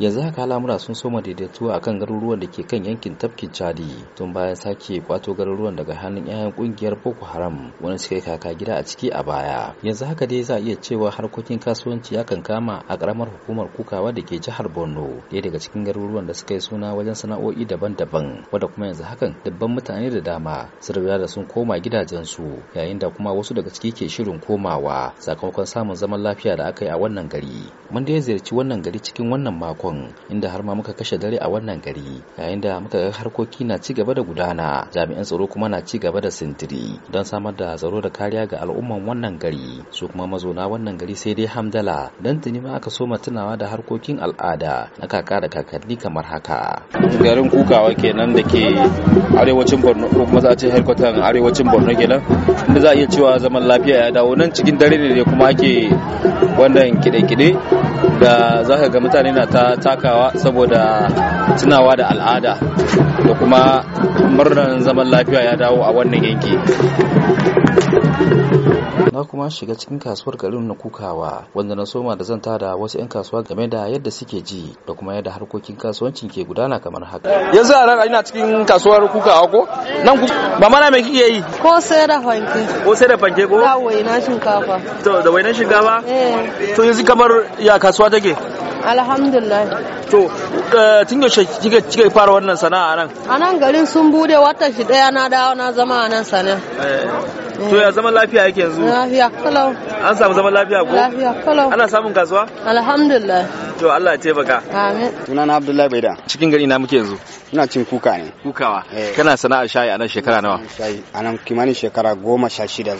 yanzu haka lamura sun soma daidaito a kan garuruwan da ke kan yankin tafkin chadi tun bayan sake kwato garuruwan daga hannun 'ya'yan kungiyar boko haram wani suka yi kaka gida a ciki a baya yanzu haka dai za a iya cewa harkokin kasuwanci ya kan kama a karamar hukumar kukawa da ke jihar borno ɗaya daga cikin garuruwan da suka yi suna wajen sana'o'i daban-daban wadda kuma yanzu hakan dubban mutane da dama sun riga da sun koma gidajensu yayin da kuma wasu daga ciki ke shirin komawa sakamakon samun zaman lafiya da aka yi a wannan gari mun da ya ziyarci wannan gari cikin wannan makon inda har ma muka kashe dare a wannan gari yayin da muka ga harkoki na ci gaba da gudana jami'an tsaro kuma na ci gaba da sintiri don samar da tsaro da kariya ga al'umman wannan gari su kuma mazauna wannan gari sai dai hamdala don tuni ma aka soma tunawa da harkokin al'ada na kaka da kakanni kamar haka garin kukawa kenan da ke arewacin borno ko kuma za a ce headquarter arewacin borno kenan inda za a iya cewa zaman lafiya ya dawo nan cikin dare ne kuma ake wannan kide-kide da za ka ga mutane na ta takawa saboda tunawa da al'ada da kuma murnar zaman lafiya ya dawo a wannan yanki na kuma shiga cikin kasuwar garin na kukawa wanda na soma da zan tada wasu 'yan kasuwa game da yadda suke ji da kuma yadda harkokin kasuwancin ke gudana kamar haka yanzu a ranar ina cikin kasuwar kukawa ko nan ba mana me kike yi ko sai da fanke ko sai da fanke ko da wainan shinkafa to da wainan shinkafa eh. to yanzu kamar ya kasuwa take alhamdulillah to eh, tun yaushe kika kika fara wannan sana'a nan a nan garin sun bude wata shi daya na dawo na zama a nan sana eh, to mm. ya zaman lafiya yake yanzu lafiya kalau an samu zaman lafiya ko lafiya kalau ana samun kasuwa alhamdulillah to Allah ya taimaka amin sunana Abdullahi Baida cikin gari na muke yanzu ina cin kuka ne kukawa eh. kana sana'ar shayi a nan shekara nawa shayi a nan kimanin shekara goma sha shida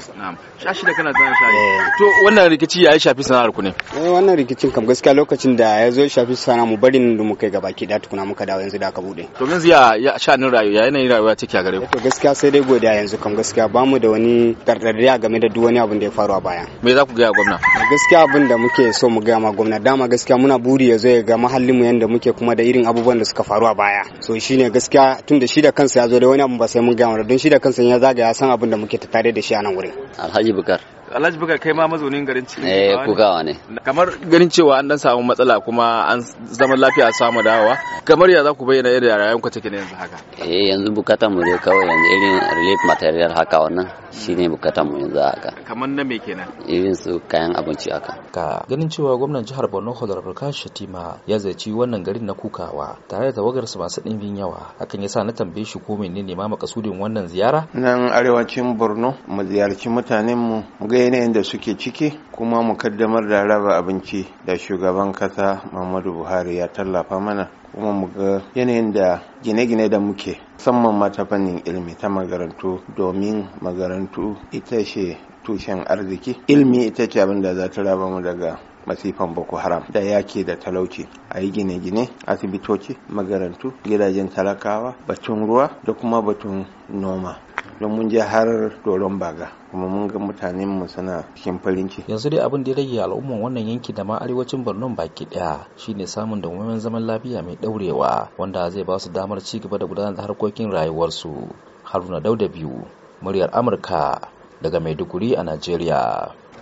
sha shida kana sana'ar shayi eh. to wannan rikici ya shafi sana'ar ku ne eh wannan rikicin kam gaskiya lokacin da ya zo ya shafi sana'ar mu barin da mu kai gabaki da tukuna muka dawo yanzu da aka bude to yanzu ya ya sha'anin rayuwa yanayin rayuwa take a gare ku eh, to gaskiya sai dai godiya yanzu kam gaskiya bamu da wani dardariya game da duk wani abin da ya faru a baya me za ku ga gwamna gaskiya abin da muke so mu ga ma gwamna dama gaskiya muna buri ya zo ya ga mahallin mu yanda muke kuma da irin abubuwan da suka faru a baya so ne gaskiya tun da shi da kansa ya zo da wani abu ba sai mun gaya don shi da kansa ya zaga ya san abin da muke tattare da shi a nan wurin alhaji bukar Alhaji Bukar kai ma mazaunin garin cikin eh kukawa ne kamar ganin cewa an dan samu matsala kuma an zaman lafiya samu dawowa kamar ya za ku bayyana irin rayuwar ku take ne yanzu haka eh yanzu bukata mu ne kawai yanzu irin relief material haka wannan shine bukata mu yanzu haka kamar na me kenan irin su kayan abinci haka ka ganin cewa gwamnan jihar Borno Honorable Kashi Shatima ya zaci wannan garin na kukawa tare da su masu ɗimbin yawa hakan yasa na tambaye shi ko menene ma makasudin wannan ziyara nan arewacin Borno mu ziyarci mutanen mu mu ga yanayin da suke ciki kuma mu kaddamar da raba abinci da shugaban kasa muhammadu buhari ya tallafa mana kuma mu ga yanayin da gine-gine da muke musamman mata fannin ilimi ta magarantu domin magarantu ita ce tushen arziki ilimi ita ce abin da za ta raba mu daga masifan boko haram da yaki da talauci a yi gine-gine asibitoci magarantu gidajen talakawa batun ruwa da kuma batun noma don mun je har doron baga kuma mun ga mutanen mu suna cikin farin ciki yanzu dai abin da ya rage al'umman wannan yanki da ma arewacin Borno baki daya shine samun dawwammamen zaman lafiya mai daurewa wanda zai ba su damar ci gaba da gudanar da harkokin rayuwarsu Haruna Dauda biyu muryar Amurka daga Maiduguri a Najeriya